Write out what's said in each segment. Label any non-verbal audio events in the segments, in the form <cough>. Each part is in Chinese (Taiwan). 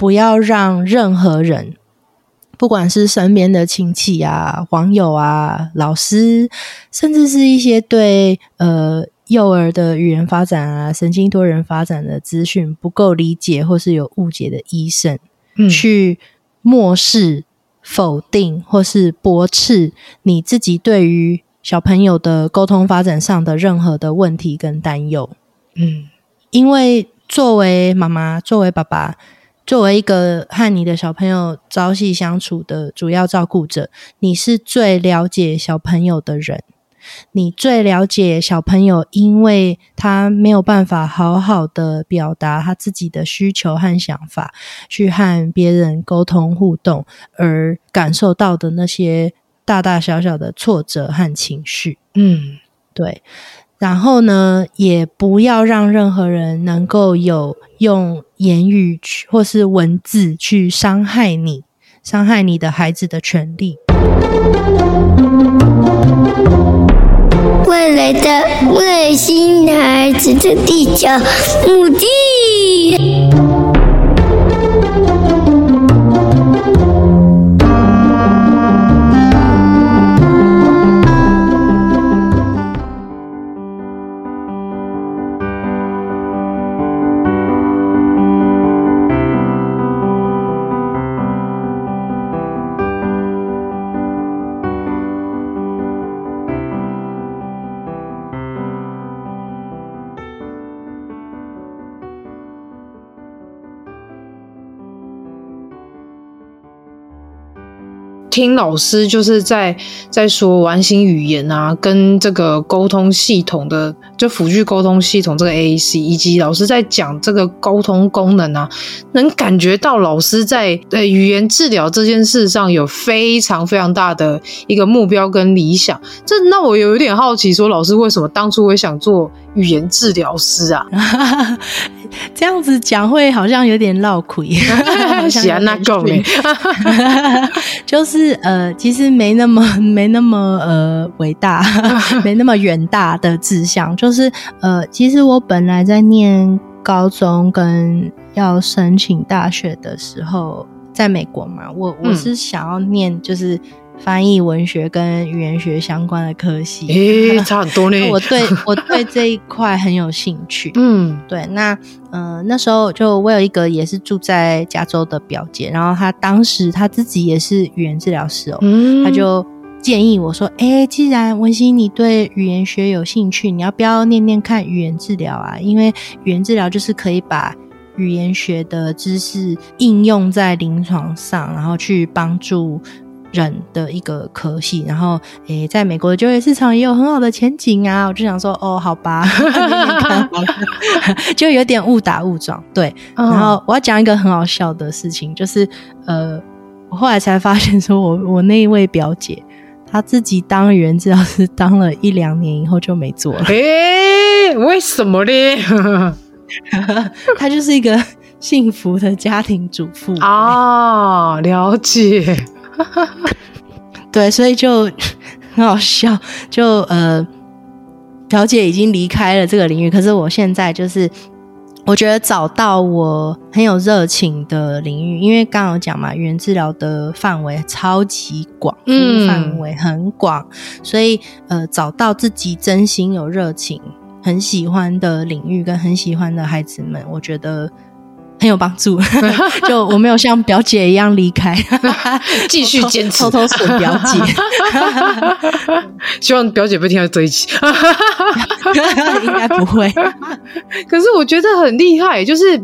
不要讓任何人，不管是身邊的親戚啊、網友啊、老師，甚至是一些對呃幼兒的語言發展啊、神經多人發展的資訊不夠理解或是有誤解的醫生，嗯、去漠視、否定或是駁斥你自己對於小朋友的溝通發展上的任何的問題跟擔憂。嗯，因為作為媽媽，作為爸爸。作為一個和你的小朋友朝夕相處的主要照顧者，你是最了解小朋友的人。你最了解小朋友，因為他沒有辦法好好的表達他自己的需求和想法，去和別人溝通互動，而感受到的那些大大小小的挫折和情緒。嗯，對。然後呢，也不要讓任何人能夠有用。言語或是文字去傷害你，傷害你的孩子的權利。未來的未來外星孩子的地球日記。聽老師就是在在說完形語言啊，跟這個溝通系統的就輔助溝通系統這個 AAC 以及老師在講這個溝通功能啊，能感覺到老師在呃語言治療這件事上有非常非常大的一個目標跟理想。這那我有點好奇，說老師為什麼當初會想做語言治療師啊？ <laughs> 這樣子講會好像有點繞口，喜歡那種， <laughs> 是啊、 <laughs> 就是呃，其實沒那麼沒那麼呃偉大，沒那麼遠大的志向， <laughs> 就是呃，其實我本來在念高中跟要申請大學的時候，在美國嘛，我我是想要念就是。嗯翻譯文學跟語言學相關的科系，誒、欸， <laughs> 差很多呢。 <laughs> 我對我對這一塊很有興趣。嗯，對，那呃，那時候就我有一個也是住在加州的表姐，然後她當時她自己也是語言治療師哦、喔，她、嗯、就建議我說：“哎、欸，既然文馨你對語言學有興趣，你要不要念念看語言治療啊？因為語言治療就是可以把語言學的知識應用在臨床上，然後去幫助。”人的一個科系，然後誒，在美國的就業市場也有很好的前景啊！我就想說，哦，好吧，看看看 <laughs> 好吧，就有點誤打誤撞對、哦。然後我要講一個很好笑的事情，就是呃，我後來才發現，說我我那一位表姐，她自己當人，知道是當了一兩年以後就沒做了。誒，為什麼呢？ <laughs> 她就是一個幸福的家庭主婦啊、哦，了解。 <laughs> 對，所以就 <laughs> 很好笑。就呃，表姐已經離開了這個領域，可是我現在就是，我覺得找到我很有熱情的領域，因為剛剛講嘛，語言治療的範圍超級廣，嗯，範圍很廣，所以呃，找到自己真心有熱情、很喜歡的領域跟很喜歡的孩子們，我覺得。很有幫助， <laughs> 就我沒有像表姐一樣離開，繼 <laughs> 續堅持偷，偷偷損表姐， <laughs> 希望表姐不要聽到這一集， <laughs> <laughs> 應該不會。 <laughs> 可是我覺得很厲害，就是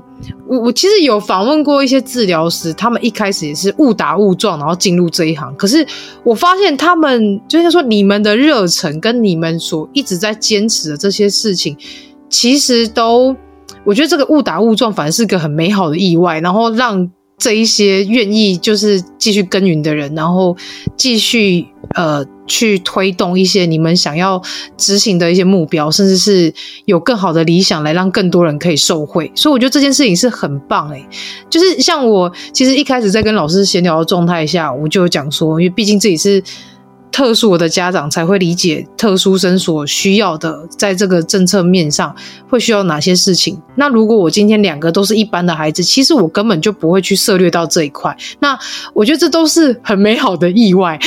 我我其實有訪問過一些治療師，他們一開始也是誤打誤撞，然後進入這一行。可是我發現他們就是說，你們的熱忱跟你們所一直在堅持的這些事情，其實都。我覺得這個誤打誤撞反而是個很美好的意外，然後讓這一些願意就是繼續耕耘的人，然後繼續呃去推動一些你們想要執行的一些目標，甚至是有更好的理想來讓更多人可以受惠。所以我覺得這件事情是很棒誒、欸、就是像我其實一開始在跟老師閒聊的狀態下，我就講說，因為畢竟自己是。特殊的的家長才會理解特殊生所需要的，在這個政策面上會需要哪些事情。那如果我今天兩個都是一般的孩子，其實我根本就不會去涉獵到這一塊。那我覺得這都是很美好的意外，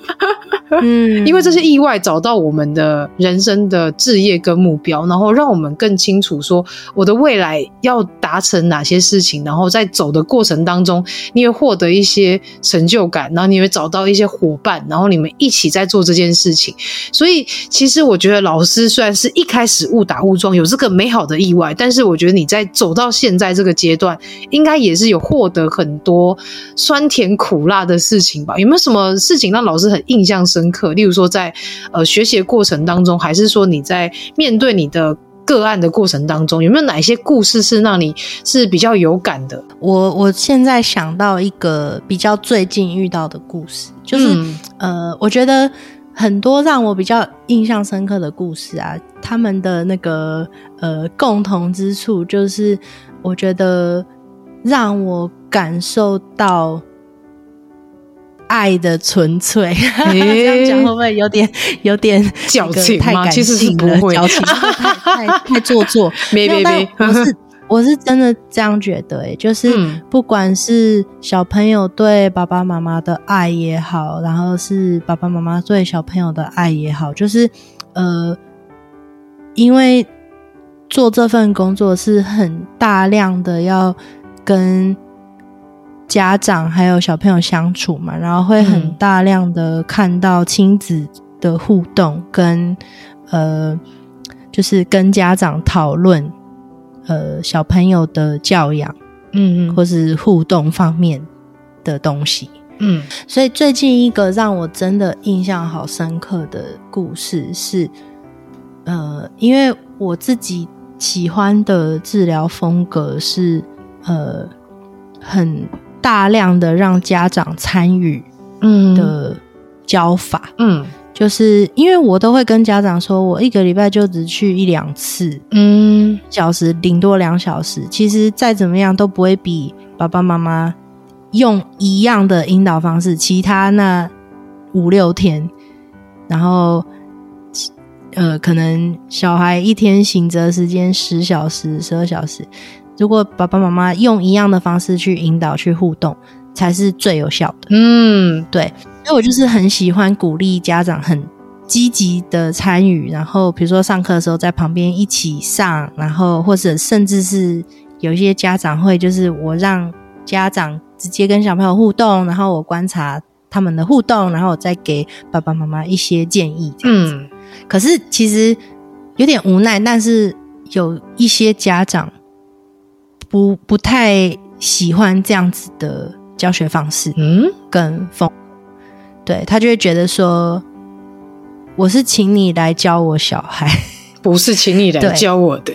<laughs> 嗯，因為這些意外找到我們的人生的志業跟目標，然後讓我們更清楚說我的未來要達成哪些事情，然後在走的過程當中，你會獲得一些成就感，然後你會找到一些夥伴，然後你們。一起在做這件事情，所以其實我覺得老師雖然是一開始誤打誤撞有這個美好的意外，但是我覺得你在走到現在這個階段，應該也是有獲得很多酸甜苦辣的事情吧？有沒有什麼事情讓老師很印象深刻？例如說在呃學習的過程當中，還是說你在面對你的？個案的過程當中，有沒有哪些故事是讓你是比較有感的？我我現在想到一個比較最近遇到的故事，就是，嗯，呃，我覺得很多讓我比較印象深刻的故事啊，他們的那個呃共同之處，就是我覺得讓我感受到。愛的純粹，你、欸、這樣講會不會有點有點矯情？太感性了，矯情，情 <laughs> 太太，太做作。 <laughs> 沒沒沒我是 <laughs> 我是真的這樣覺得、欸。就是不管是小朋友對爸爸媽媽的愛也好，然後是爸爸媽媽對小朋友的愛也好，就是呃，因為做這份工作是很大量的要跟。家長還有小朋友相處嘛，然後會很大量的看到親子的互動跟，跟、嗯、呃，就是跟家長討論呃小朋友的教養，嗯，嗯，或是互動方面的東西，嗯。所以最近一個讓我真的印象好深刻的故事是，呃，因為我自己喜歡的治療風格是呃很。大量的讓家長參與的、嗯、教法，嗯，就是因為我都會跟家長說，我一個禮拜就只去一兩次，嗯，小時頂多兩小時，其實再怎麼樣都不會比爸爸媽媽用一樣的引導方式，其他那五六天，然後呃，可能小孩一天醒著時間十小時、十二小時。如果爸爸媽媽用一樣的方式去引導、去互動，才是最有效的。嗯，對。那我就是很喜歡鼓勵家長很積極的參與，然後比如說上課的時候在旁邊一起上，然後或者甚至是有一些家長會就是我讓家長直接跟小朋友互動，然後我觀察他們的互動，然後我再給爸爸媽媽一些建議。嗯，可是其實有點無奈，但是有一些家長。不不太喜歡這樣子的教學方式，嗯，跟風，對，他就會覺得說，我是請你來教我小孩， <laughs> 不是請你來教我的，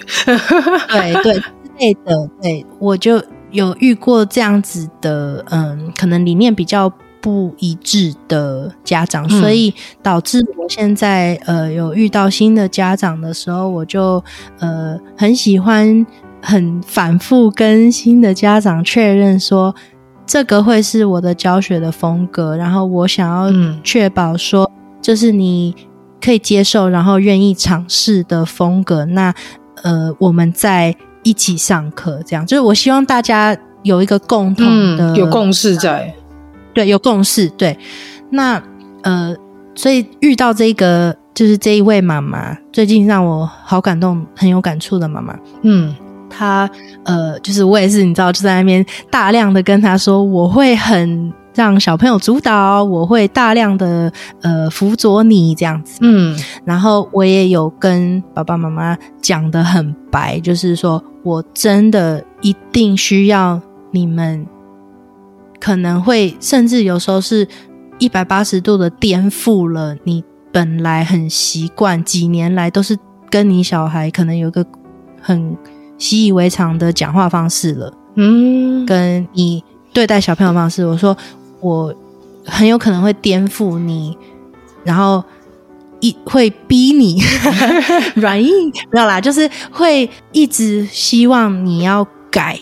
<laughs> 對對之類的，對我就有遇過這樣子的，嗯，可能理念比較不一致的家長，嗯、所以導致我現在呃有遇到新的家長的時候，我就呃很喜歡，很反覆跟新的家長確認說，這個會是我的教學的風格，然後我想要確保說，嗯、就是你可以接受，然後願意嘗試的風格。那呃，我們再一起上課，這樣就是我希望大家有一個共同的、嗯、有共識在，對，有共識。對，那呃，所以遇到這個就是這一位媽媽，最近讓我好感動，很有感觸的媽媽，嗯。他呃，就是我也是，你知道，就在那邊大量的跟他說，我會很讓小朋友主導，我會大量的呃輔佐你這樣子。嗯，然後我也有跟爸爸媽媽講得很白，就是說我真的一定需要你們，可能會甚至有時候是一百八十度的顛覆了你本來很習慣幾年來都是跟你小孩可能有一個很，習以為常的講話方式了，嗯，跟你對待小朋友的方式，我說我很有可能會顛覆你，然後一會逼你軟、嗯、 <laughs> 硬，知道啦，就是會一直希望你要改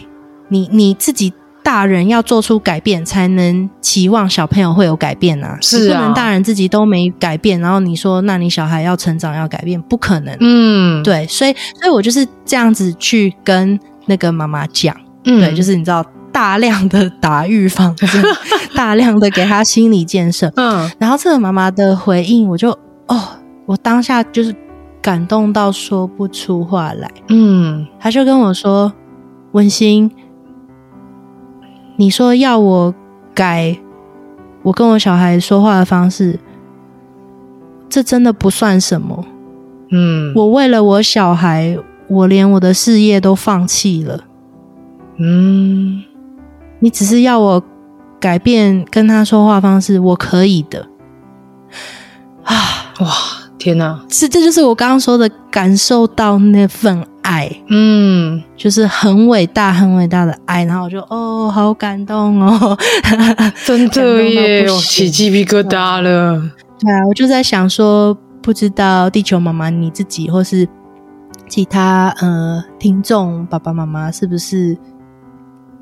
你你自己。大人要做出改變，才能期望小朋友會有改變吶、啊。是、啊、不能大人自己都沒改變，然後你說那你小孩要成長要改變，不可能。嗯，對，所以，所以我就是這樣子去跟那個媽媽講，對，就是你知道，大量的打預防針、嗯，大量的給他心理建設。嗯， <laughs> 然後這個媽媽的回應，我就哦，我當下就是感動到說不出話來。嗯，他就跟我說，文馨。你說要我改我跟我小孩說話的方式，這真的不算什麼，嗯。我為了我小孩，我連我的事業都放棄了，嗯。你只是要我改變跟他說話方式，我可以的。啊！哇！天哪！是這，這就是我剛剛說的，感受到那份。愛，嗯，就是很偉大、很偉大的愛。然後我就哦，好感動哦，呵呵真的，耶，起雞皮疙瘩了。對啊，我就在想說，不知道地球媽媽你自己或是其他呃聽眾爸爸媽媽是不是？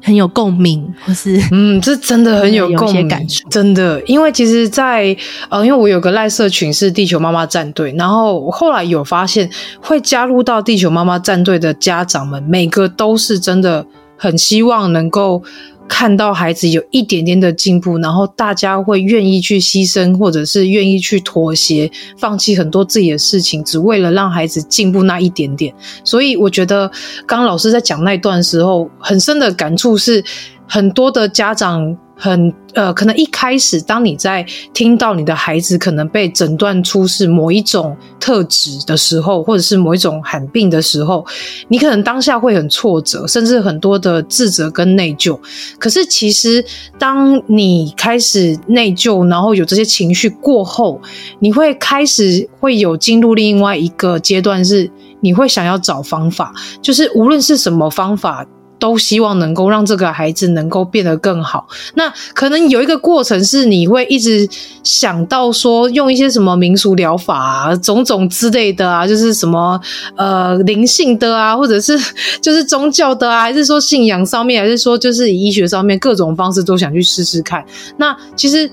很有共鳴，或是嗯，這真的很有共鳴，有些感受，真的。因為其實在，在呃，因為我有個賴社群是地球媽媽戰隊，然後我後來有發現，會加入到地球媽媽戰隊的家長們，每個都是真的很希望能夠。看到孩子有一點點的進步，然後大家會願意去犧牲，或者是願意去妥協，放棄很多自己的事情，只為了讓孩子進步那一點點。所以我覺得，剛剛老師在講那段時候，很深的感觸是。很多的家長很呃，可能一開始，當你在聽到你的孩子可能被診斷出是某一種特質的時候，或者是某一種罕病的時候，你可能當下會很挫折，甚至很多的自責跟內疚。可是其實，當你開始內疚，然後有這些情緒過後，你會開始會有進入另外一個階段，是你會想要找方法，就是無論是什麼方法。都希望能夠讓這個孩子能夠變得更好。那可能有一個過程是，你會一直想到說，用一些什麼民俗療法啊、種種之類的啊，就是什麼呃靈性的啊，或者是就是宗教的啊，還是說信仰上面，還是說就是醫學上面，各種方式都想去試試看。那其實，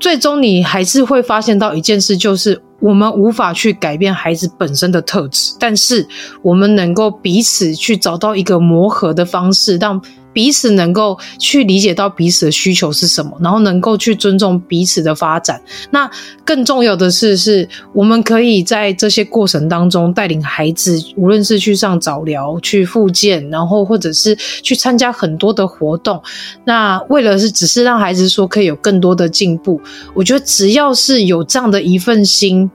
最終你還是會發現到一件事，就是我們無法去改變孩子本身的特質，但是我們能夠彼此去找到一個磨合的方式，讓。彼此能夠去理解到彼此的需求是什麼，然後能夠去尊重彼此的發展。那更重要的是是，是我們可以在這些過程當中帶領孩子，無論是去上早療、去復健，然後或者是去參加很多的活動。那為了是只是讓孩子說可以有更多的進步，我覺得只要是有這樣的一份心。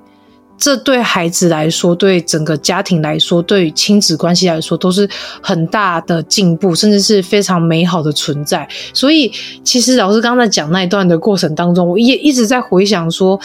這對孩子來說，對整個家庭來說，對於親子關係來說，都是很大的進步，甚至是非常美好的存在。所以，其實老師剛才講那一段的過程當中，我也一直在回想說，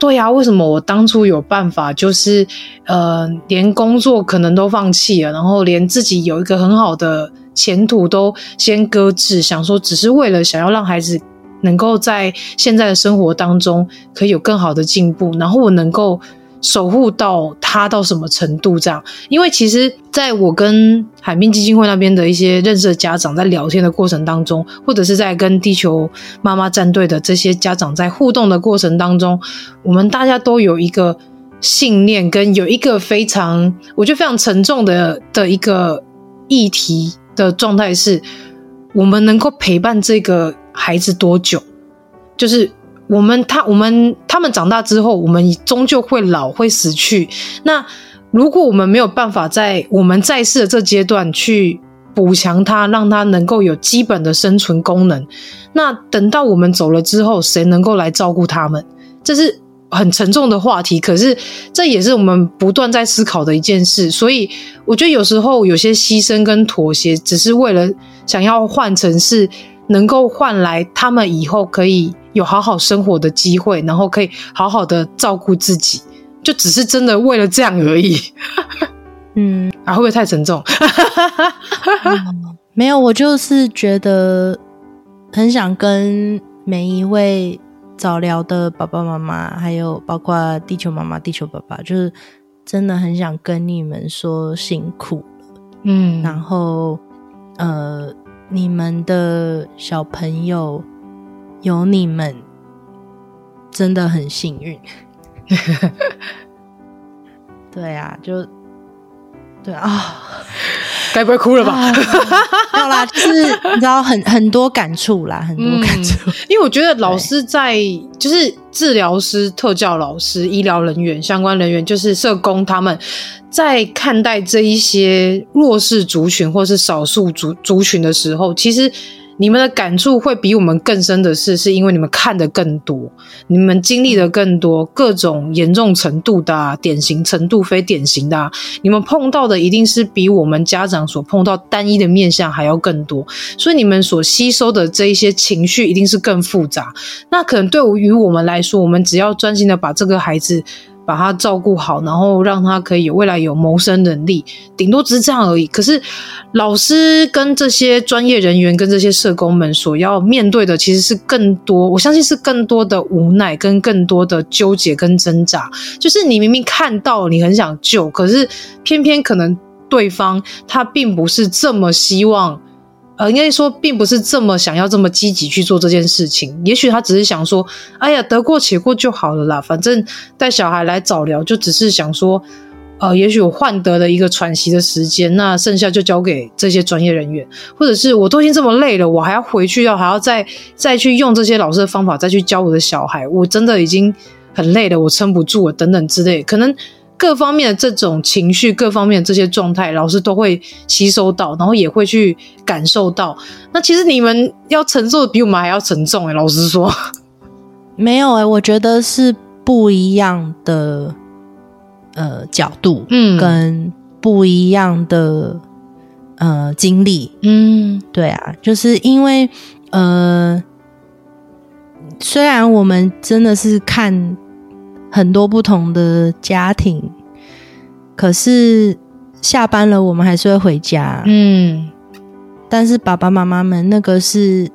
對呀、啊，為什麼我當初有辦法，就是呃，連工作可能都放棄了，然後連自己有一個很好的前途都先擱置，想說只是為了想要讓孩子。能夠在現在的生活當中可以有更好的進步，然後我能夠守護到他到什麼程度這樣？因為其實在我跟海濱基金會那邊的一些認識的家長在聊天的過程當中，或者是在跟地球媽媽戰隊的這些家長在互動的過程當中，我們大家都有一個信念，跟有一個非常我覺得非常沉重的的一個議題的狀態是，是我們能夠陪伴這個。孩子多久？就是我們他我們他們長大之後，我們終究會老會死去。那如果我們沒有辦法在我們在世的這階段去補強他，讓他能夠有基本的生存功能，那等到我們走了之後，誰能夠來照顧他們？這是很沉重的話題。可是這也是我們不斷在思考的一件事。所以我覺得有時候有些犧牲跟妥協，只是為了想要換成是。能夠換來他們以後可以有好好生活的機會，然後可以好好的照顧自己，就只是真的為了這樣而已。嗯，啊，會不會太沉重？嗯、沒有，我就是覺得很想跟每一位早療的爸爸媽媽，還有包括地球媽媽、地球爸爸，就是真的很想跟你們說辛苦了。嗯，然後呃。你們的小朋友有你們，真的很幸運。 <laughs> 對啊，就。對啊，啊，該不會哭了吧？好、啊啊啊、 <laughs> 啦，就是你知道，很很多感觸啦，很多感觸。嗯、因為我覺得老師在就是治療師、特教老師、醫療人員、相關人員，就是社工，他們在看待這一些弱勢族群或是少數族族群的時候，其實。你們的感觸會比我們更深的是，是因為你們看得更多，你們經歷的更多，各種嚴重程度的、啊、典型程度、非典型的、啊，你們碰到的一定是比我們家長所碰到單一的面向還要更多，所以你們所吸收的這一些情緒一定是更複雜。那可能對於我們來說，我們只要專心的把這個孩子。把他照顧好，然後讓他可以未來有謀生能力，頂多只是這樣而已。可是，老師跟這些專業人員跟這些社工們所要面對的，其實是更多，我相信是更多的無奈，跟更多的糾結跟掙扎。就是你明明看到你很想救，可是偏偏可能對方他並不是這麼希望。呃，應該說，並不是這麼想要這麼積極去做這件事情。也許他只是想說，哎呀，得過且過就好了啦。反正帶小孩來早療，就只是想說，呃，也許我換得了一個喘息的時間。那剩下就交給這些專業人員，或者是我都已經這麼累了，我還要回去要還要再再去用這些老師的方法再去教我的小孩，我真的已經很累了，我撐不住了，等等之類，可能。各方面的這種情緒，各方面的這些狀態，老師都會吸收到，然後也會去感受到。那其實你們要承受的比我們還要沉重哎、欸，老實說，沒有哎、欸，我覺得是不一樣的呃角度，嗯，跟不一樣的呃經歷，嗯，對啊，就是因為呃，雖然我們真的是看。很多不同的家庭，可是下班了我們還是會回家，嗯。但是爸爸媽媽們那個是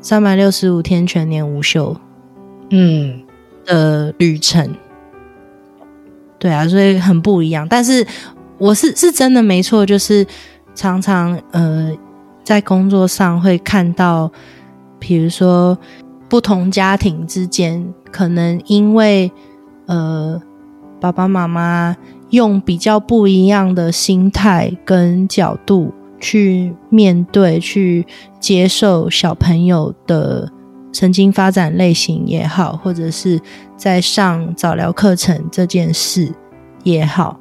三百六十五天全年無休，嗯，的旅程，嗯。對啊，所以很不一樣。但是我是是真的沒錯，就是常常呃在工作上會看到，比如說不同家庭之間可能因為。呃，爸爸媽媽用比較不一樣的心態跟角度去面對、去接受小朋友的神經發展類型也好，或者是在上早療課程這件事也好，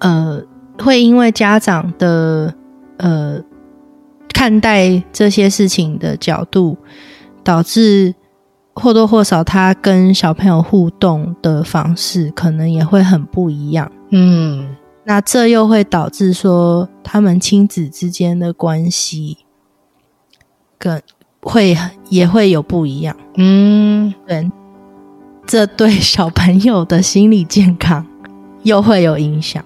呃，會因為家長的呃看待這些事情的角度，導致。或多或少，他跟小朋友互動的方式可能也會很不一樣。嗯，那這又會導致說他們親子之間的關係更會也會有不一樣。嗯，對，這對小朋友的心理健康又會有影響。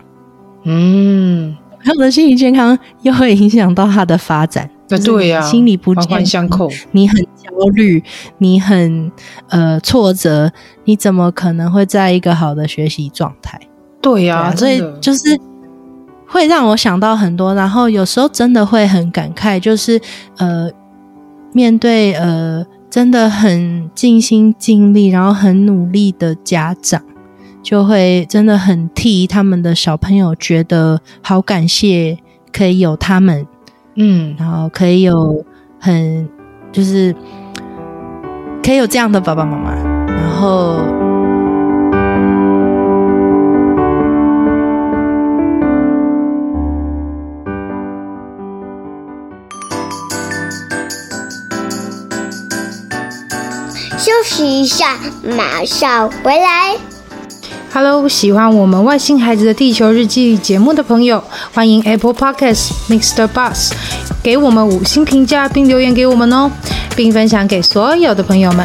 嗯，他的心理健康又會影響到他的發展。那、啊就是、對呀、啊，環環相扣。你很焦慮，你很呃挫折，你怎麼可能會在一個好的學習狀態？對呀、啊啊，所以就是會讓我想到很多。然後有時候真的會很感慨，就是呃，面對呃真的很盡心盡力，然後很努力的家長，就會真的很替他們的小朋友覺得好感謝，可以有他們。嗯，然後可以有很，就是可以有這樣的爸爸媽媽，然後休息一下，馬上回來。哈嘍，喜歡我們《外星孩子的地球日記》節目的朋友，歡迎 Apple Podcasts Mixer Box 給我們五星評價並留言給我們哦，並分享給所有的朋友們。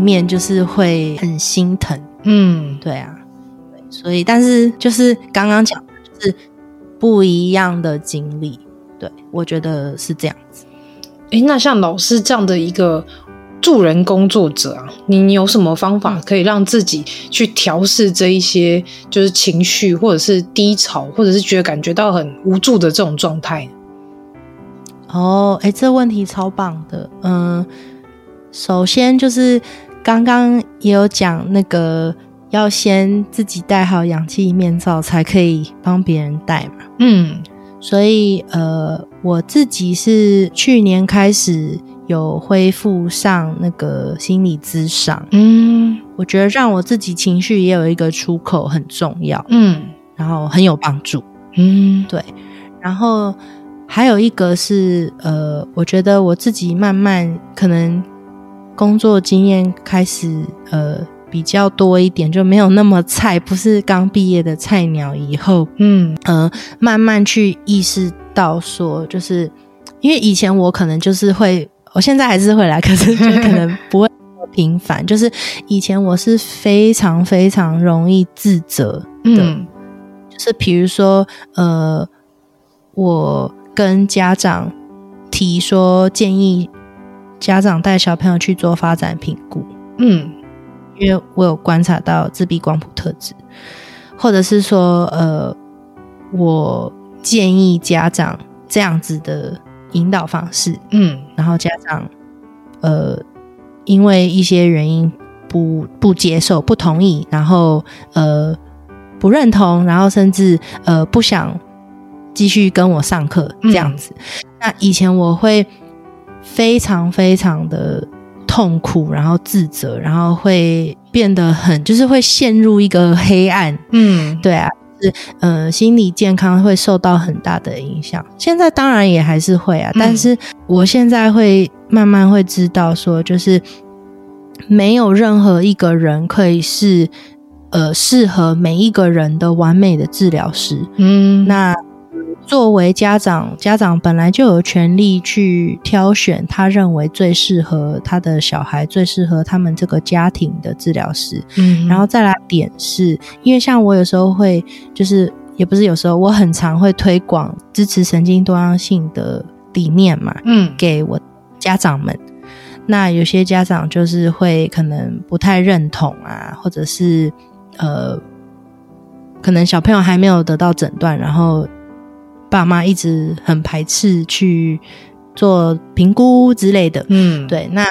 面就是會很心疼，嗯，對啊，對，所以但是就是剛剛講的就是不一樣的經歷，對，我覺得是這樣子。哎，那像老師這樣的一個助人工作者啊，你有什麼方法可以讓自己去調試這一些就是情緒，或者是低潮，或者是覺得感覺到很無助的這種狀態？哦，哎，這問題超棒的，嗯，首先就是。剛剛也有講那個要先自己戴好氧氣面罩，才可以幫別人戴嘛。嗯，所以呃，我自己是去年開始有恢復上那個心理諮商。嗯，我覺得讓我自己情緒也有一個出口很重要。嗯，然後很有幫助。嗯，對。然後還有一個是呃，我覺得我自己慢慢可能。工作經驗開始呃比較多一點，就沒有那麼菜，不是剛畢業的菜鳥。以後嗯呃，慢慢去意識到說，就是因為以前我可能就是會，我現在還是會來，可是就可能不會頻繁。 <laughs> 就是以前我是非常非常容易自責的，嗯、就是比如說呃，我跟家長提說建議。家長帶小朋友去做發展評估，嗯，因為我有觀察到自閉光譜特質，或者是說，呃，我建議家長這樣子的引導方式，嗯，然後家長，呃，因為一些原因不不接受、不同意，然後呃不認同，然後甚至呃不想繼續跟我上課這樣子，嗯。那以前我會。非常非常的痛苦，然後自責，然後會變得很，就是會陷入一個黑暗。嗯，對啊，是呃，心理健康會受到很大的影響。現在當然也還是會啊，嗯、但是我現在會慢慢會知道說，就是沒有任何一個人可以是呃適合每一個人的完美的治療師。嗯，那。作為家長，家長本來就有權利去挑選他認為最適合他的小孩，最適合他們這個家庭的治療師。嗯，然後再來點是因為像我有時候會，就是也不是有時候，我很常會推廣支持神經多樣性的理念嘛。嗯，給我家長們，那有些家長就是會可能不太認同啊，或者是呃，可能小朋友還沒有得到診斷，然後。爸媽一直很排斥去做評估之類的，嗯，對。那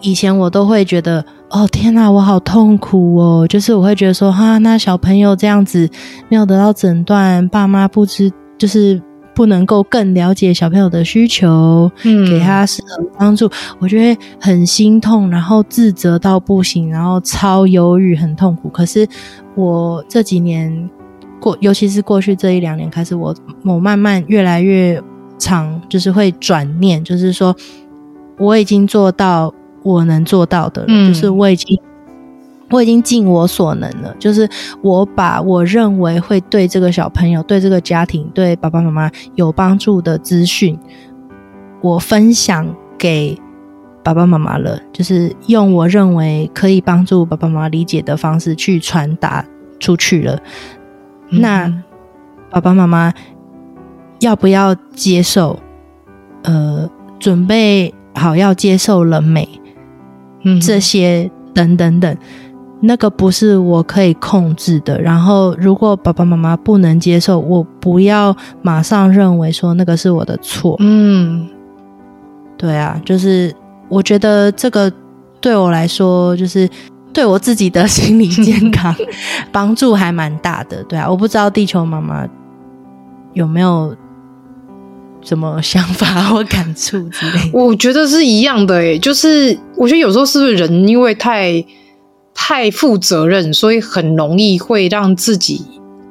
以前我都會覺得，哦天哪，啊，我好痛苦哦！就是我會覺得說，哈，那小朋友這樣子沒有得到診斷，爸媽不知就是不能夠更了解小朋友的需求，嗯，給他適合幫助，我覺得很心痛，然後自責到不行，然後超憂鬱，很痛苦。可是我這幾年。過，尤其是過去這一兩年開始，我我慢慢越來越常就是會轉念，就是說我已經做到我能做到的了，嗯，就是我已經我已經盡我所能了。就是我把我認為會對這個小朋友、對這個家庭、對爸爸媽媽有幫助的資訊，我分享給爸爸媽媽了，就是用我認為可以幫助爸爸媽媽理解的方式去傳達出去了。嗯、那爸爸媽媽要不要接受？呃，準備好要接受了沒？嗯、這些等等等，那個不是我可以控制的。然後，如果爸爸媽媽不能接受，我不要馬上認為說那個是我的錯。嗯，對啊，就是我覺得這個對我來說就是。對我自己的心理健康幫助還蠻大的， <laughs> 對啊，我不知道地球媽媽有沒有什麼想法或感觸之類的。我覺得是一樣的誒，就是我覺得有時候是不是人因為太太負責任，所以很容易會讓自己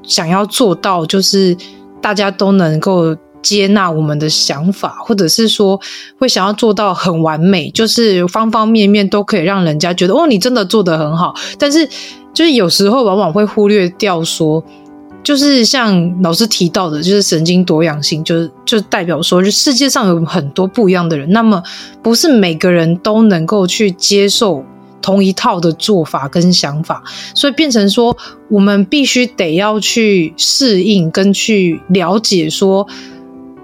想要做到，就是大家都能夠。接納我們的想法，或者是說會想要做到很完美，就是方方面面都可以讓人家覺得哦，你真的做得很好。但是就是有時候往往會忽略掉說，就是像老師提到的，就是神經多樣性，就是就代表說，世界上有很多不一樣的人，那麼不是每個人都能夠去接受同一套的做法跟想法，所以變成說，我們必須得要去適應跟去了解說。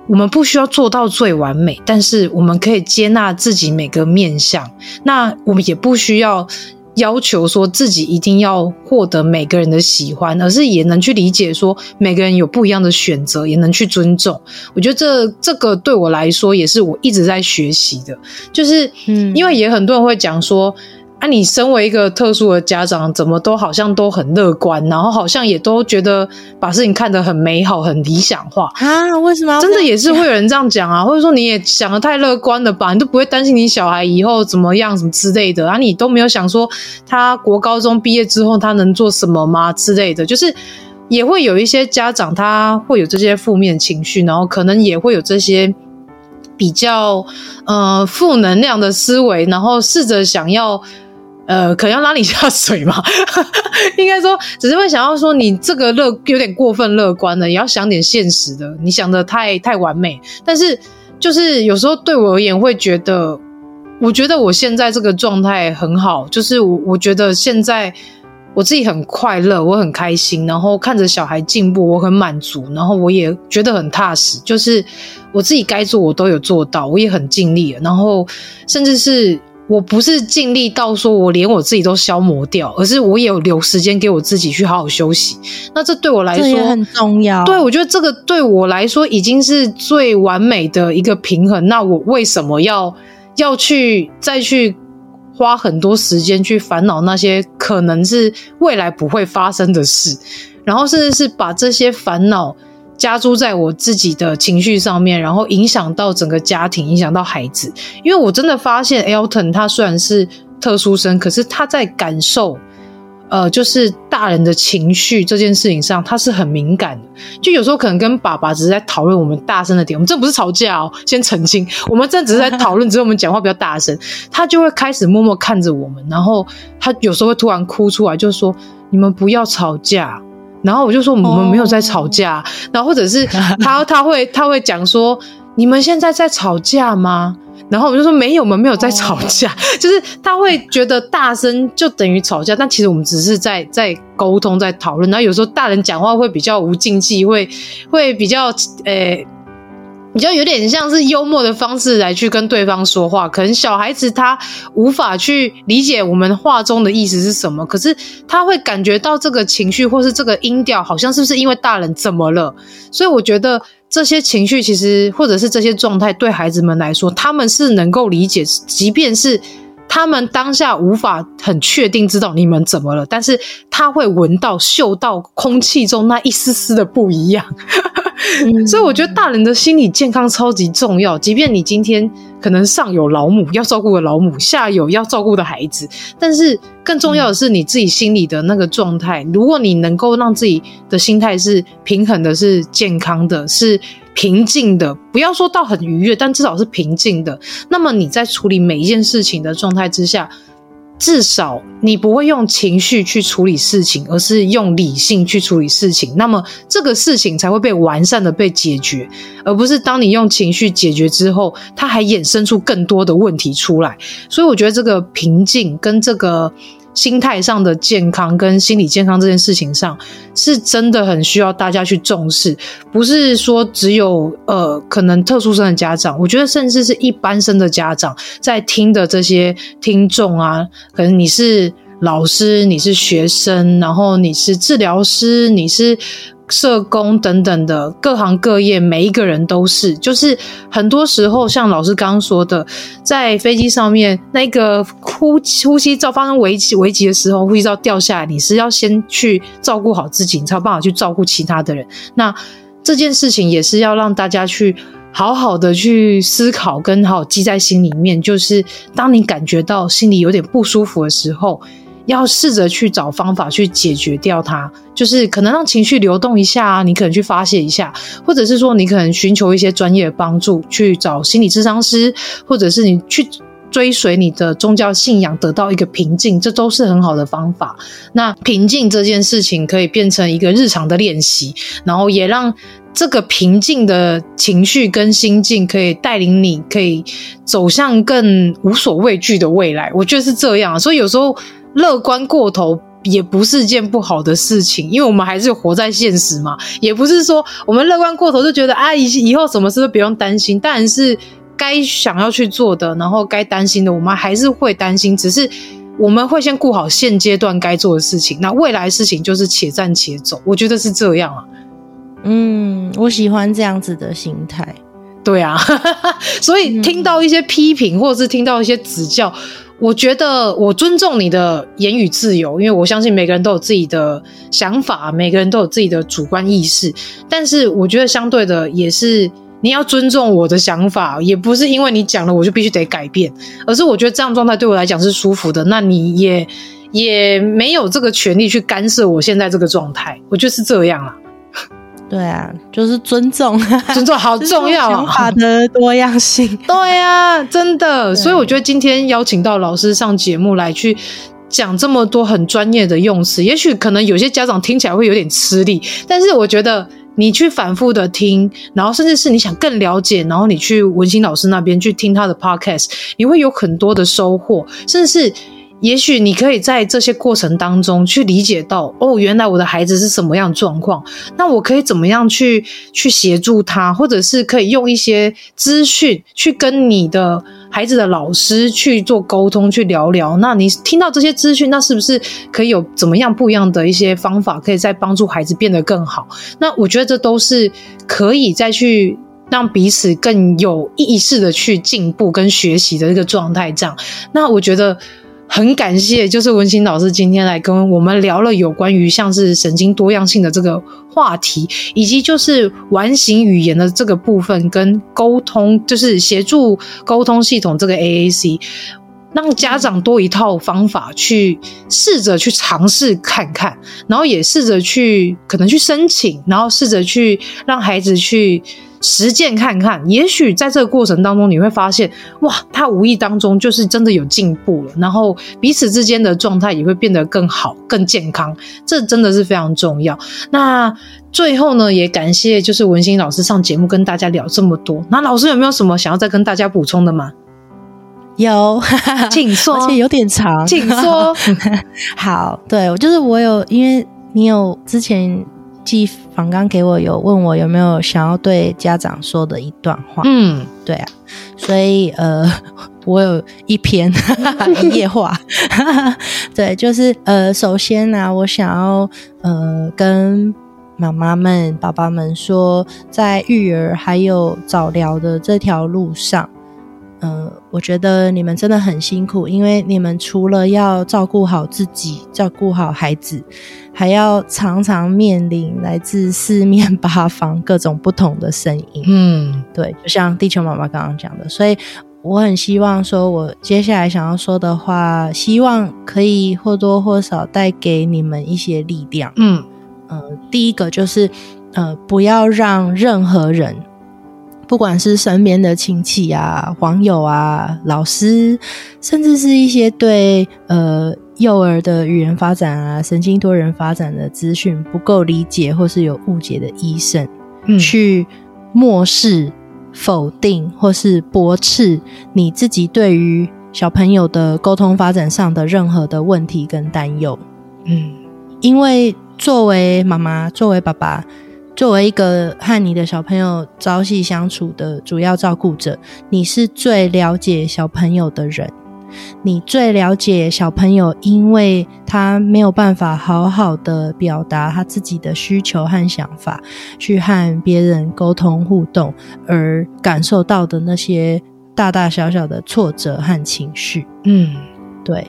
我們不需要做到最完美，但是我們可以接納自己每個面向。那我們也不需要要求說自己一定要獲得每個人的喜歡，而是也能去理解說每個人有不一樣的選擇，也能去尊重。我覺得這這個對我來說也是我一直在學習的，就是因為也很多人會講說。嗯啊，你身為一個特殊的家長，怎麼都好像都很樂觀，然後好像也都覺得把事情看得很美好、很理想化啊？為什麼？真的也是會有人這樣講啊？或者說你也想得太樂觀了吧？你都不會擔心你小孩以後怎麼樣、什麼之類的啊？你都沒有想說他國高中畢業之後他能做什麼嗎？之類的，就是也會有一些家長他會有這些負面情緒，然後可能也會有這些比較呃負能量的思維，然後試着想要。呃，可能要拉你下水嘛。 <laughs> 應該說，只是會想要說，你這個樂有點過分樂觀了，也要想點現實的。你想的太太完美，但是就是有時候對我而言，會覺得，我覺得我現在這個狀態很好，就是我我覺得現在我自己很快樂，我很開心，然後看着小孩進步，我很滿足，然後我也覺得很踏實，就是我自己該做我都有做到，我也很盡力了，然後甚至是。我不是盡力到說，我連我自己都消磨掉，而是我也有留時間給我自己去好好休息。那這對我來說也很重要。對，我覺得這個對我來說已經是最完美的一個平衡。那我為什麼要要去再去花很多時間去煩惱那些可能是未來不會發生的事，然後甚至是把這些煩惱。加諸在我自己的情緒上面，然後影響到整個家庭，影響到孩子。因為我真的發現，Alton 他雖然是特殊生，可是他在感受，呃，就是大人的情緒這件事情上，他是很敏感的。就有時候可能跟爸爸只是在討論，我們大聲的點，我們這不是吵架哦，先澄清，我們這只是在討論，只是我們講話比較大聲， <laughs> 他就會開始默默看着我們，然後他有時候會突然哭出來，就說：“你們不要吵架。”然後我就說，我們沒有在吵架，oh. 然後或者是他他會他會講說 <laughs> 你們現在在吵架嗎？然後我就說沒有，我們沒有在吵架，oh. 就是他會覺得大聲就等於吵架，但其實我們只是在在溝通在討論。然後有時候大人講話會比較無禁忌，會會比較誒。欸比較有點像是幽默的方式來去跟對方說話，可能小孩子他無法去理解我們話中的意思是什麼，可是他會感覺到這個情緒或是這個音調，好像是不是因為大人怎麼了？所以我覺得這些情緒其實或者是這些狀態對孩子們來說，他們是能夠理解，即便是他們當下無法很確定知道你們怎麼了，但是他會聞到、嗅到空氣中那一絲絲的不一樣。 <laughs> 所以我覺得大人的心理健康超級重要。即便你今天可能上有老母要照顧的老母，下有要照顧的孩子，但是更重要的是你自己心裡的那個狀態。如果你能夠讓自己的心態是平衡的、是健康的、是平靜的，不要說到很愉悅，但至少是平靜的，那麼你在處理每一件事情的狀態之下。至少你不會用情緒去處理事情，而是用理性去處理事情。那麼這個事情才會被完善的被解決，而不是當你用情緒解決之後，它還衍生出更多的問題出來。所以我覺得這個平靜跟這個。心態上的健康跟心理健康這件事情上，是真的很需要大家去重視。不是說只有呃，可能特殊生的家長，我覺得甚至是一般生的家長在聽的這些聽眾啊，可能你是老師，你是學生，然後你是治療師，你是。社工等等的各行各業，每一個人都是。就是很多時候，像老師剛剛說的，在飛機上面，那個呼呼吸道發生危機危機的時候，呼吸道掉下來，你是要先去照顧好自己，你才有辦法去照顧其他的人。那這件事情也是要讓大家去好好的去思考，跟好記在心裡面。就是當你感覺到心裡有點不舒服的時候。要試着去找方法去解決掉它，就是可能讓情緒流動一下啊，你可能去發洩一下，或者是說你可能尋求一些專業的幫助，去找心理諮商師，或者是你去追隨你的宗教信仰，得到一個平靜，這都是很好的方法。那平靜這件事情可以變成一個日常的練習，然後也讓這個平靜的情緒跟心境可以帶領你，可以走向更無所畏懼的未來。我覺得是這樣啊，所以有時候。樂觀過頭也不是件不好的事情，因為我們還是活在現實嘛。也不是說我們樂觀過頭就覺得啊，以以後什麼事都不用擔心。當然是該想要去做的，然後該擔心的，我們還是會擔心。只是我們會先顧好現階段該做的事情，那未來事情就是且戰且走。我覺得是這樣啊。嗯，我喜歡這樣子的心態。對啊， <laughs> 所以聽到一些批評、嗯，或者是聽到一些指教，我覺得我尊重你的言語自由，因為我相信每個人都有自己的想法，每個人都有自己的主觀意識。但是我覺得相對的也是，你要尊重我的想法，也不是因為你講了我就必須得改變，而是我覺得這樣狀態對我來講是舒服的。那你也也沒有這個權利去干涉我現在這個狀態，我覺得是這樣啊。對啊，就是尊重，尊重好重要。想法的多樣性， <laughs> 對啊，真的。所以我覺得今天邀請到老師上節目來去講這麼多很專業的用詞，也許可能有些家長聽起來會有點吃力，但是我覺得你去反覆的聽，然後甚至是你想更了解，然後你去文馨老師那邊去聽他的 podcast，你會有很多的收穫，甚至是。也許你可以在這些過程當中去理解到，哦，原來我的孩子是什麼樣的狀況，那我可以怎麼樣去去協助他，或者是可以用一些資訊去跟你的孩子的老師去做溝通，去聊聊。那你聽到這些資訊，那是不是可以有怎麼樣不一樣的一些方法，可以再幫助孩子變得更好？那我覺得這都是可以再去讓彼此更有意識的去進步跟學習的一個狀態。這樣，那我覺得。很感謝，就是文馨老師今天來跟我們聊了有關於像是神經多樣性的這個話題，以及就是完形語言的這個部分跟溝通，就是協助溝通系統這個 AAC，讓家長多一套方法去試着去嘗試看看，然後也試着去可能去申請，然後試着去讓孩子去。實踐看看，也許在這個過程當中，你會發現，哇，他無意當中就是真的有進步了，然後彼此之間的狀態也會變得更好、更健康，這真的是非常重要。那最後呢，也感謝就是文馨老師上節目跟大家聊這麼多。那老師有沒有什麼想要再跟大家補充的嗎？有，請 <laughs> 說，而且有點長，請說。 <laughs> 好，對我就是我有，因為你有之前。訪剛給我有問我有沒有想要對家長說的一段話，嗯，對啊，所以呃，我有一篇哈哈一頁話，哈 <laughs> 哈 <laughs> <laughs> <laughs> <laughs> 對，就是呃，首先呢、啊，我想要呃，跟媽媽們、爸爸們說，在育兒還有早療的這條路上。呃，我覺得你們真的很辛苦，因為你們除了要照顧好自己、照顧好孩子，還要常常面臨來自四面八方各種不同的聲音。嗯，對，就像地球媽媽剛剛講的，所以我很希望說，我接下來想要說的話，希望可以或多或少帶給你們一些力量。嗯，呃，第一個就是，呃，不要讓任何人。不管是身邊的親戚啊、網友啊、老師，甚至是一些對呃幼兒的語言發展啊、神經多人發展的資訊不夠理解或是有誤解的醫生，嗯，去漠視、否定或是駁斥你自己對於小朋友的溝通發展上的任何的問題跟擔憂，嗯，因為作為媽媽，作為爸爸，作為一個和你的小朋友朝夕相處的主要照顧者，你是最了解小朋友的人。你最了解小朋友，因為他沒有辦法好好的表達他自己的需求和想法，去和別人溝通互動，而感受到的那些大大小小的挫折和情緒。嗯，對。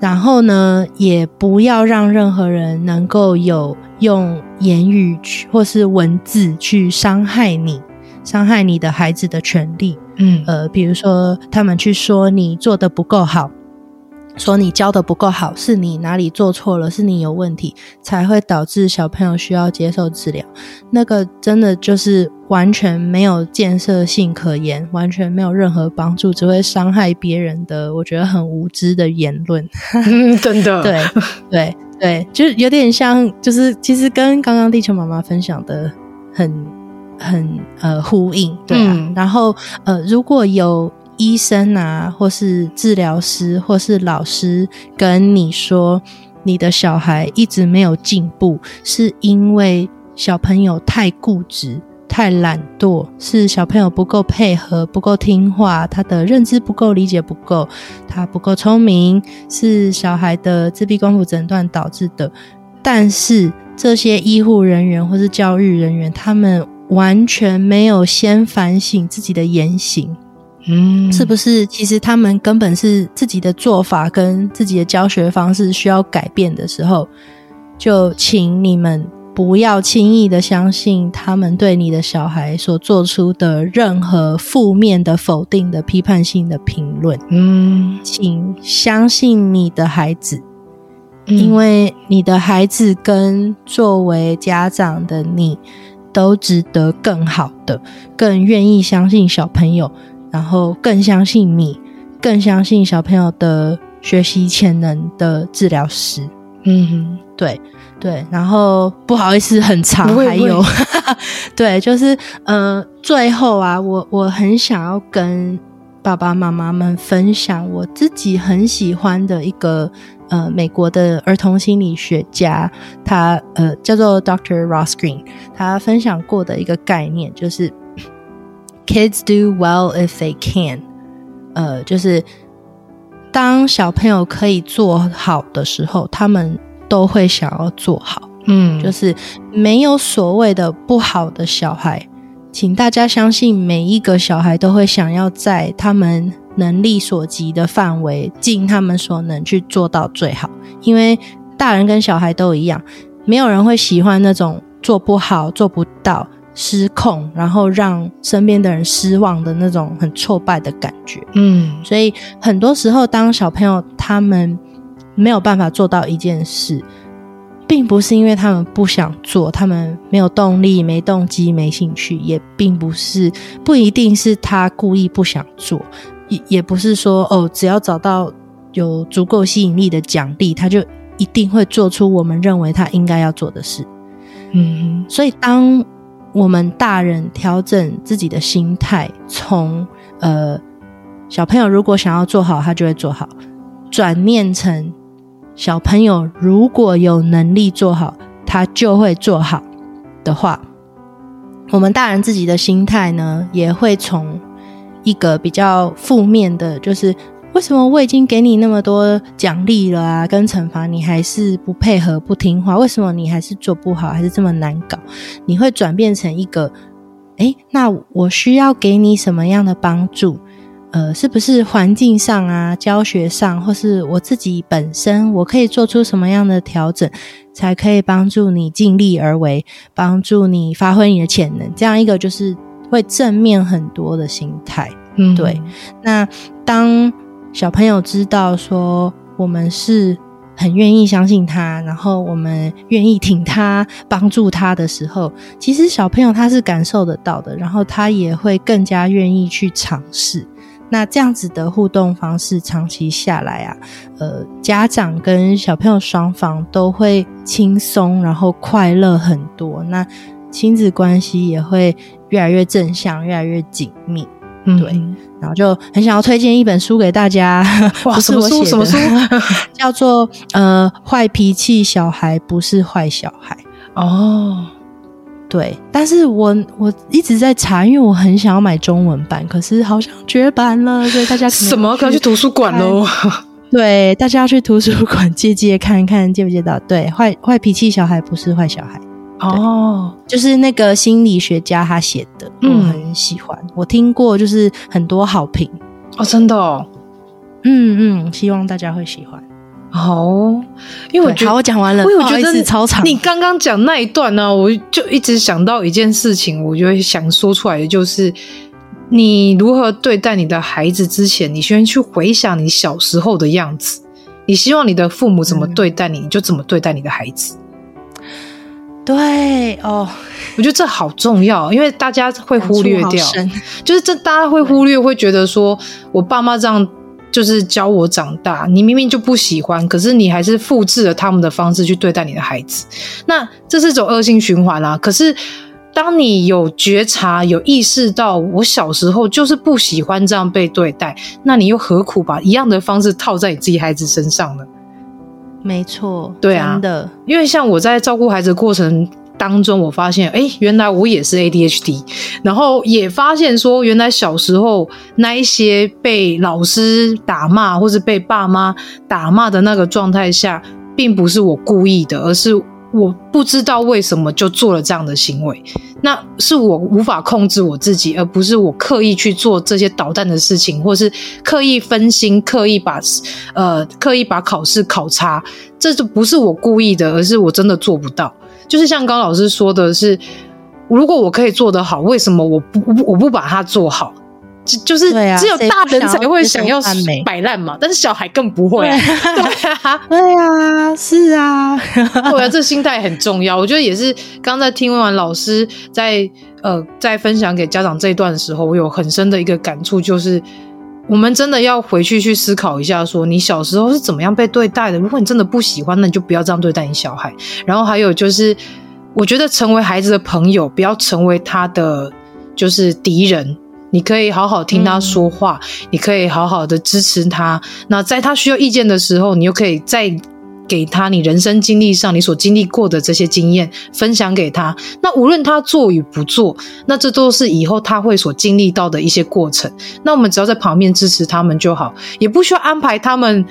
然後呢，也不要讓任何人能夠有用言語或是文字去傷害你、傷害你的孩子的權利。嗯，呃，比如說他們去說你做得不夠好。說你教的不夠好，是你哪裡做錯了，是你有問題，才會導致小朋友需要接受治療。那個真的就是完全沒有建設性可言，完全沒有任何幫助，只會傷害別人的。我覺得很無知的言論。 <laughs> 嗯、真的。對對對，就有點像，就是其實跟剛剛地球媽媽分享的很很呃呼應。對、啊嗯，然後呃，如果有，醫生啊，或是治療師，或是老師，跟你說，你的小孩一直沒有進步，是因為小朋友太固執、太懶惰，是小朋友不夠配合、不夠聽話，他的認知不夠、理解不夠，他不夠聰明，是小孩的自閉光譜診斷導致的。但是這些醫護人員或是教育人員，他們完全沒有先反省自己的言行。嗯，是不是？其實他們根本是自己的做法跟自己的教學方式需要改變的時候，就請你們不要輕易的相信他們對你的小孩所做出的任何負面的、否定的、批判性的評論。嗯，請相信你的孩子，嗯，因為你的孩子跟作為家長的你都值得更好的，更願意相信小朋友。然後更相信你，更相信小朋友的學習潛能的治療師。嗯哼，對對。然後不好意思，很長，會會還有， <laughs> 對，就是呃，最後啊，我我很想要跟爸爸媽媽們分享我自己很喜歡的一個呃美國的兒童心理學家，他呃叫做 Dr. Ross Green，他分享過的一個概念就是。Kids do well if they can。呃，就是當小朋友可以做好的時候，他們都會想要做好。嗯，就是沒有所謂的不好的小孩，請大家相信，每一個小孩都會想要在他們能力所及的範圍，盡他們所能去做到最好。因為大人跟小孩都一樣，沒有人會喜歡那種做不好、做不到。失控，然後讓身邊的人失望的那種很挫敗的感覺。嗯，所以很多時候，當小朋友他們沒有辦法做到一件事，並不是因為他們不想做，他們沒有動力、沒動機、沒興趣，也並不是不一定是他故意不想做，也也不是說哦，只要找到有足夠吸引力的獎勵，他就一定會做出我們認為他應該要做的事。嗯，所以當，我們大人調整自己的心態，從呃、小朋友如果想要做好，他就會做好；轉念成小朋友如果有能力做好，他就會做好的話，我們大人自己的心態呢，也會從一個比較負面的，就是。為什麼我已經給你那麼多獎勵了啊？跟懲罰，你還是不配合、不聽話？為什麼你還是做不好，還是這麼難搞？你會轉變成一個，誒，那我需要給你什麼樣的幫助？呃，是不是環境上啊、教學上，或是我自己本身，我可以做出什麼樣的調整，才可以幫助你盡力而為，幫助你發揮你的潛能？這樣一個就是會正面很多的心態。嗯，對。那當小朋友知道說我們是很願意相信他，然後我們願意挺他、幫助他的時候，其實小朋友他是感受得到的，然後他也會更加願意去嘗試。那這樣子的互動方式長期下來啊，呃，家長跟小朋友雙方都會輕鬆，然後快樂很多。那親子關係也會越來越正向，越來越緊密。嗯、對，然後就很想要推薦一本書給大家。哇，不是我寫的。什麼書？什麼書？叫做 <laughs> 呃，壞脾氣小孩不是壞小孩。哦，對，但是我我一直在查，因為我很想要買中文版，可是好像絕版了。所以大家可什麼、啊？可要去圖書館嘍？ <laughs> 對，大家要去圖書館借，借借看看，借不借到？對，壞壞脾氣小孩不是壞小孩。哦，就是那個心理學家他寫的，嗯，嗯，很喜歡，我聽過，就是很多好評哦，真的，哦。嗯嗯，希望大家會喜歡哦。因為我覺得好，我講完了，不好意思，超長。你剛剛講那一段呢、啊，我就一直想到一件事情，我就會想說出來，的就是你如何對待你的孩子之前，你先去回想你小時候的樣子，你希望你的父母怎麼對待你，嗯、你就怎麼對待你的孩子。對哦，我覺得這好重要，因為大家會忽略掉，就是這大家會忽略，會覺得說，我爸媽這樣就是教我長大，你明明就不喜歡，可是你還是複製了他們的方式去對待你的孩子，那這是一種惡性循環啊。可是當你有覺察，有意識到我小時候就是不喜歡這樣被對待，那你又何苦把一樣的方式套在你自己孩子身上呢？沒錯，對啊，真的，因為像我在照顧孩子的過程當中，我發現，哎、欸，原來我也是 ADHD，然後也發現說，原來小時候那一些被老師打罵或是被爸媽打罵的那個狀態下，並不是我故意的，而是我不知道為什麼就做了這樣的行為。那是我無法控制我自己，而不是我刻意去做這些搗蛋的事情，或是刻意分心、刻意把呃刻意把考試考差，這就不是我故意的，而是我真的做不到。就是像高老師說的是，是如果我可以做得好，為什麼我不我不，我不把它做好？就是只有大人才會想要擺爛嘛，但是小孩更不會。啊對啊。對啊，對啊，是啊，對啊，啊對啊啊 <laughs> 這心態很重要。我覺得也是，剛才聽完老師在呃在分享給家長這一段的時候，我有很深的一個感觸，就是我們真的要回去去思考一下說，說你小時候是怎麼樣被對待的。如果你真的不喜歡，那你就不要這樣對待你小孩。然後還有就是，我覺得成為孩子的朋友，不要成為他的就是敵人。你可以好好聽他說話，嗯，你可以好好的支持他。那在他需要意見的時候，你又可以再給他你人生經歷上你所經歷過的這些經驗分享給他。那無論他做與不做，那這都是以後他會所經歷到的一些過程。那我們只要在旁邊支持他們就好，也不需要安排他們。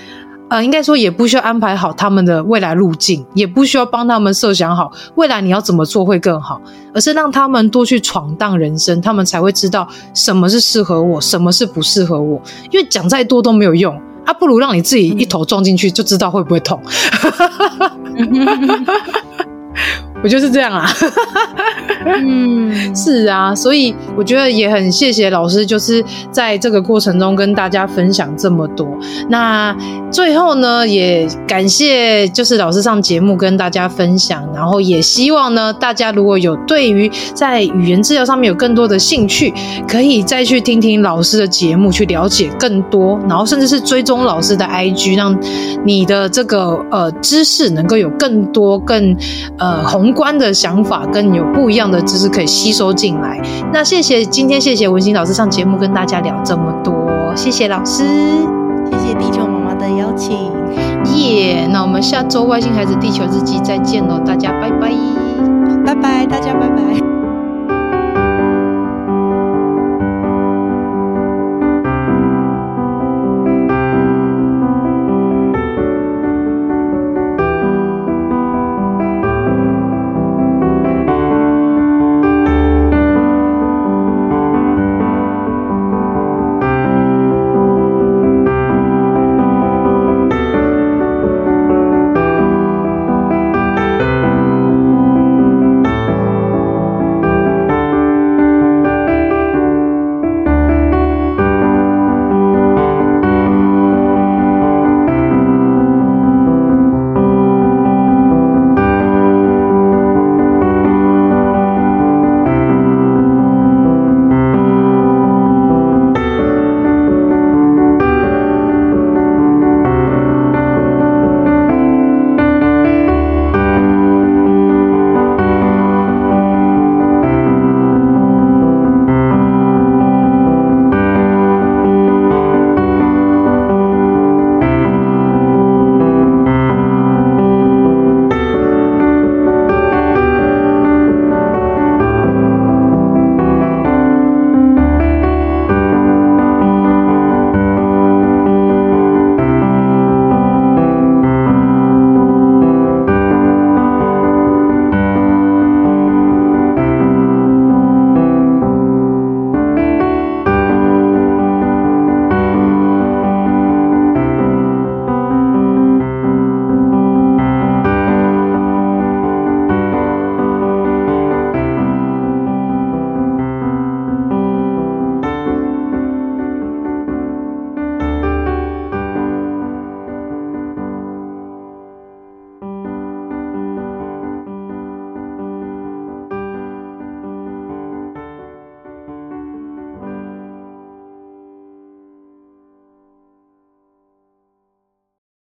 呃，應該說也不需要安排好他們的未來路徑，也不需要幫他們設想好未來你要怎麼做會更好，而是讓他們多去闖蕩人生，他們才會知道什麼是適合我，什麼是不適合我。因為講再多都沒有用，啊，不如讓你自己一頭撞進去就知道會不會痛。 <laughs> <laughs> 我就是這樣啊，哈哈哈哈。嗯，是啊，所以我覺得也很謝謝老師，就是在這個過程中跟大家分享這麼多。那最後呢，也感謝就是老師上節目跟大家分享，然後也希望呢，大家如果有對於在語言治療上面有更多的興趣，可以再去聽聽老師的節目，去了解更多，然後甚至是追蹤老師的 IG，讓你的這個呃知識能夠有更多更呃紅。觀，觀的想法跟有不一樣的知識可以吸收進來。那謝謝今天謝謝文馨老師上節目跟大家聊這麼多，謝謝老師，謝謝地球媽媽的邀請。耶、yeah！那我們下周《外星孩子地球日記》再見嘍，大家拜拜，拜拜，大家拜拜。